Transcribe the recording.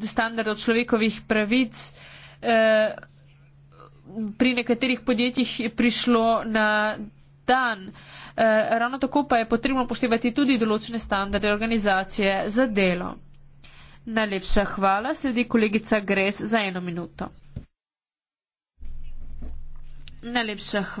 standardov človekovih pravic eh, pri nekaterih podjetjih prišlo na dan. Eh, ravno tako pa je potrebno poštevati tudi določene standarde organizacije za delo. Najlepša hvala, sledi kolegica Gres za eno minuto. Najlepša hvala.